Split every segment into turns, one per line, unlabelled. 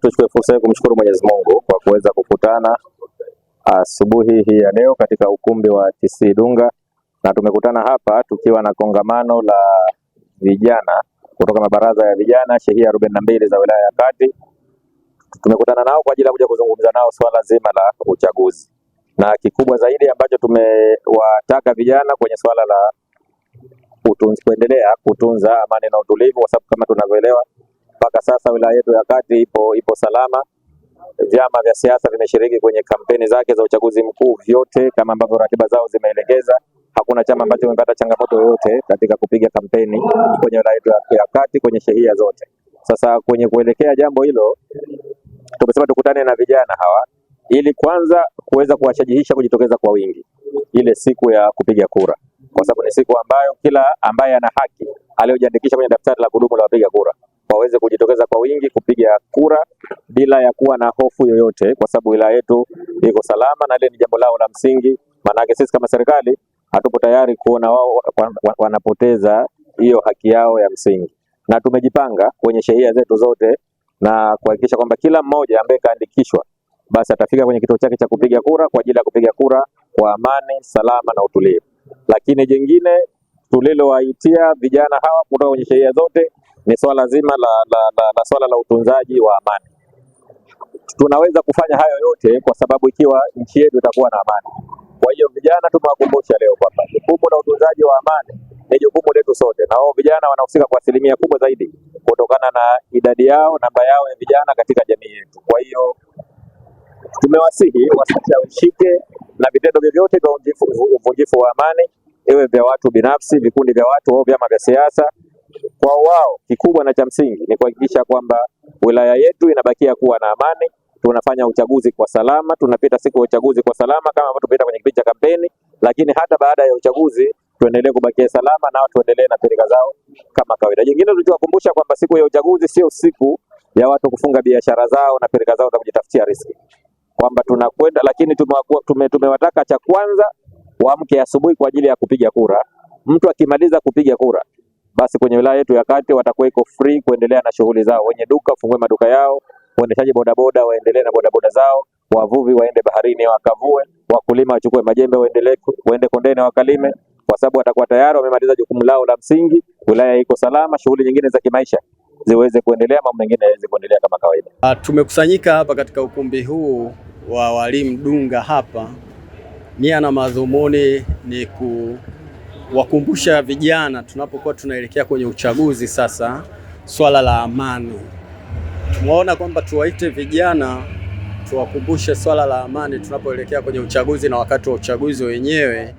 tuchukue fursa hii kumshukuru Mwenyezi Mungu kwa kuweza kukutana ah, asubuhi hii ya leo katika ukumbi wa TC Dunga, na tumekutana hapa tukiwa na kongamano la vijana kutoka mabaraza ya vijana shehia arobaini na mbili za wilaya ya Kati. Tumekutana nao kwa ajili ya kuja kuzungumza nao swala zima la uchaguzi, na kikubwa zaidi ambacho tumewataka vijana kwenye swala la kuendelea kutunza amani na utulivu, kwa sababu kama tunavyoelewa mpaka sasa wilaya yetu ya Kati ipo, ipo salama. Vyama vya siasa vimeshiriki kwenye kampeni zake za uchaguzi mkuu vyote kama ambavyo ratiba zao zimeelekeza. Hakuna chama ambacho kimepata changamoto yoyote katika kupiga kampeni kwenye wilaya yetu ya Kati kwenye shehia zote. Sasa kwenye kuelekea jambo hilo, tumesema tukutane na vijana hawa ili kwanza kuweza kuwashajihisha kujitokeza kwa wingi ile siku ya kupiga kura, kwa sababu ni siku ambayo kila ambaye ana haki aliyojiandikisha kwenye daftari la kudumu la wapiga kura waweze kujitokeza kwa wingi kupiga kura bila ya kuwa na hofu yoyote, kwa sababu wilaya yetu iko salama na ile ni jambo lao la msingi. Maanake sisi kama serikali hatupo tayari kuona wao wanapoteza hiyo haki yao ya msingi, na tumejipanga kwenye sheria zetu zote na kuhakikisha kwamba kila mmoja ambaye kaandikishwa basi atafika kwenye kituo chake cha kupiga kura kwa ajili ya kupiga kura kwa amani, salama na utulivu. Lakini jingine tulilowaitia vijana hawa kutoka kwenye sheria zote ni swala zima la, la, la, la swala la utunzaji wa amani. Tunaweza kufanya hayo yote kwa sababu ikiwa nchi yetu itakuwa na amani. Kwa hiyo vijana, tumewakumbusha leo kwamba jukumu la utunzaji wa amani ni jukumu letu sote, na wao vijana wanahusika kwa asilimia kubwa zaidi kutokana na idadi yao, namba yao ya vijana katika jamii yetu. Kwa hiyo tumewasihi wasishawishike na vitendo vyovyote vya uvunjifu wa amani, iwe vya watu binafsi, vikundi vya watu au vyama vya siasa kwa wao kikubwa na cha msingi ni kuhakikisha kwamba wilaya yetu inabakia kuwa na amani. Tunafanya uchaguzi kwa salama, tunapita siku ya uchaguzi kwa salama kama ambavyo tumepita kwenye kipindi cha kampeni, lakini hata baada ya uchaguzi tuendelee kubakia salama, nao tuendelee na pirika zao kama kawaida. Jingine tulichowakumbusha kwamba siku ya uchaguzi sio siku ya watu kufunga biashara zao na pirika zao za kujitafutia riziki, kwamba tunakwenda, lakini tume, tumewataka cha kwanza waamke asubuhi kwa ajili ya kupiga kura. Mtu akimaliza kupiga kura basi kwenye wilaya yetu ya Kate watakuwa iko free kuendelea na shughuli zao. Wenye duka fungue maduka yao, waendeshaji bodaboda waendelee na bodaboda zao, wavuvi waende baharini wakavue, wakulima wachukue majembe waendelee, waende kondeni wakalime, kwa sababu watakuwa tayari wamemaliza jukumu lao la msingi. Wilaya iko salama, shughuli nyingine za kimaisha ziweze kuendelea, mambo mengine yaweze kuendelea kama kawaida.
Ah, tumekusanyika hapa katika ukumbi huu wa walimu Dunga hapa, nia na madhumuni ni ku wakumbusha vijana tunapokuwa tunaelekea kwenye uchaguzi sasa, swala la amani. Tumeona kwamba tuwaite vijana tuwakumbushe swala la amani tunapoelekea kwenye uchaguzi na wakati wa uchaguzi wenyewe,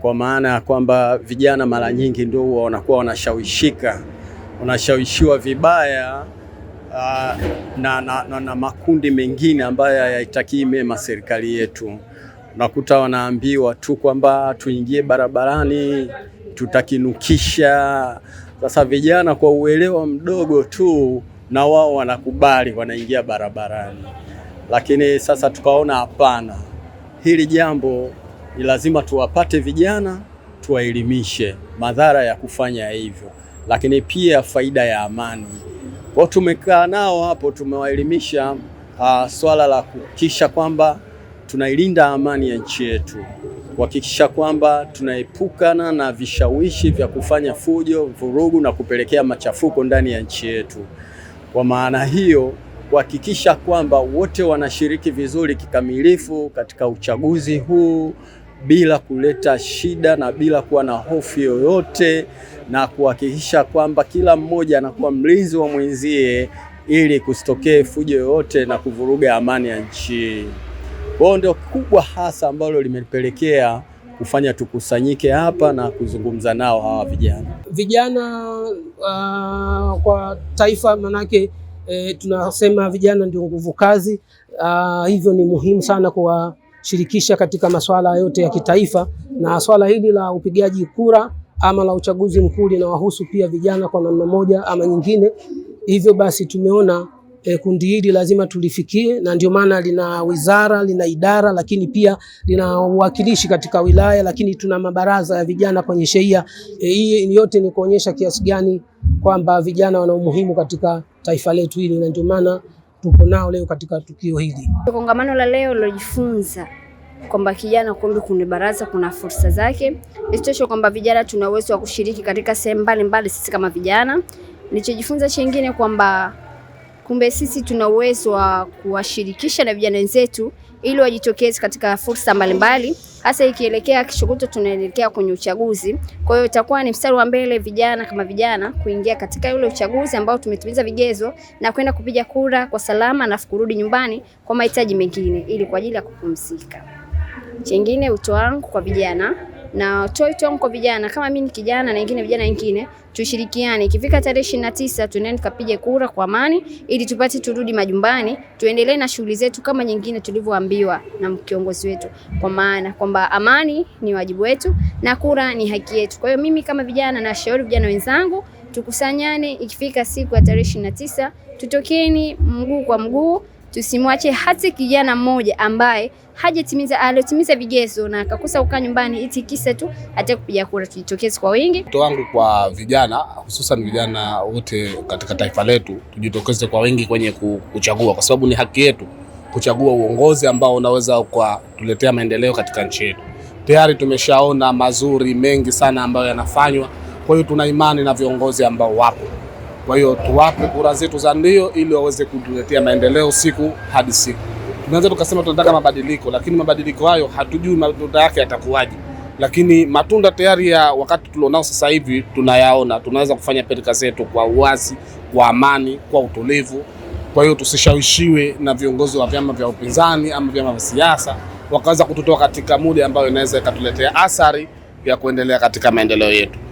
kwa maana ya kwamba vijana mara nyingi ndio huwa wanakuwa wanashawishika, wanashawishiwa vibaya ah, na, na, na, na makundi mengine ambayo hayaitakii mema serikali yetu nakuta wanaambiwa tu kwamba tuingie barabarani tutakinukisha. Sasa vijana kwa uelewa mdogo tu, na wao wanakubali wanaingia barabarani, lakini sasa tukaona hapana, hili jambo ni lazima tuwapate vijana, tuwaelimishe madhara ya kufanya hivyo, lakini pia faida ya amani kwao. Tumekaa nao hapo, tumewaelimisha ah, swala la kukisha kwamba tunailinda amani ya nchi yetu kuhakikisha kwamba tunaepukana na vishawishi vya kufanya fujo, vurugu na kupelekea machafuko ndani ya nchi yetu. Kwa maana hiyo, kuhakikisha kwamba wote wanashiriki vizuri kikamilifu katika uchaguzi huu bila kuleta shida na bila kuwa na hofu yoyote, na kuhakikisha kwamba kila mmoja anakuwa mlinzi wa mwenzie ili kusitokee fujo yoyote na kuvuruga amani ya nchi. Kwa hiyo ndio kubwa hasa ambalo limepelekea kufanya tukusanyike hapa na kuzungumza nao hawa vijana
vijana uh, kwa taifa manake e, tunasema vijana ndio nguvu kazi uh, hivyo ni muhimu sana kuwashirikisha katika masuala yote ya kitaifa, na swala hili la upigaji kura ama la uchaguzi mkuu linawahusu pia vijana kwa namna moja ama nyingine. Hivyo basi tumeona E, kundi hili lazima tulifikie, na ndio maana lina wizara, lina idara, lakini pia lina uwakilishi katika wilaya, lakini tuna mabaraza ya vijana kwenye shehia. E, hii e, yote ni kuonyesha kiasi gani kwamba vijana wana umuhimu katika taifa letu hili, na ndio maana tuko nao leo katika tukio hili.
Kongamano la leo lilojifunza kwamba kijana kumbe kuna baraza, kuna fursa zake. Isitoshe kwamba vijana tuna uwezo wa kushiriki katika sehemu mbalimbali sisi kama vijana. Nilichojifunza chingine kwamba kumbe sisi tuna uwezo wa kuwashirikisha na vijana wenzetu ili wajitokeze katika fursa mbalimbali, hasa ikielekea kishukuto tunaelekea kwenye uchaguzi. Kwa hiyo itakuwa ni mstari wa mbele vijana kama vijana kuingia katika ule uchaguzi ambao tumetimiza vigezo na kwenda kupiga kura kwa salama, na kurudi nyumbani kwa mahitaji mengine, ili kwa ajili ya kupumzika. Chengine, wito wangu kwa vijana na toy wito kwa vijana, kama mimi ni kijana na wengine vijana wengine, tushirikiane. Ikifika tarehe ishirini na tisa tunaenda tukapige kura kwa amani, ili tupate turudi majumbani, tuendelee na shughuli zetu kama nyingine tulivyoambiwa na kiongozi wetu, kwa maana kwamba amani ni wajibu wetu na kura ni haki yetu. Kwa hiyo mimi kama vijana nashauri vijana wenzangu tukusanyane, ikifika siku ya tarehe ishirini na tisa tutokeni mguu kwa mguu Tusimwache hata kijana mmoja ambaye hajatimiza aliyotimiza vigezo na akakosa kukaa nyumbani iti kisa tu hata kupiga kura. Tujitokeze kwa wingi. Wito
wangu kwa vijana, hususan vijana wote katika taifa letu, tujitokeze kwa wingi kwenye kuchagua, kwa sababu ni haki yetu kuchagua uongozi ambao unaweza ukatuletea maendeleo katika nchi yetu. Tayari tumeshaona mazuri mengi sana ambayo yanafanywa, kwa hiyo tuna imani na viongozi ambao wapo. Kwa hiyo tuwape kura zetu za ndio, ili waweze kutuletea maendeleo siku hadi siku. Tunaweza tukasema tunataka mabadiliko, lakini mabadiliko hayo hatujui matunda yake yatakuwaje, lakini matunda tayari ya wakati tulionao sasa hivi tunayaona. Tunaweza kufanya pilika zetu kwa uwazi, kwa amani, kwa utulivu. Kwa hiyo tusishawishiwe na viongozi wa vyama vya upinzani ama vyama vya siasa wakaweza kututoa katika muda ambayo inaweza ikatuletea athari ya kuendelea katika maendeleo yetu.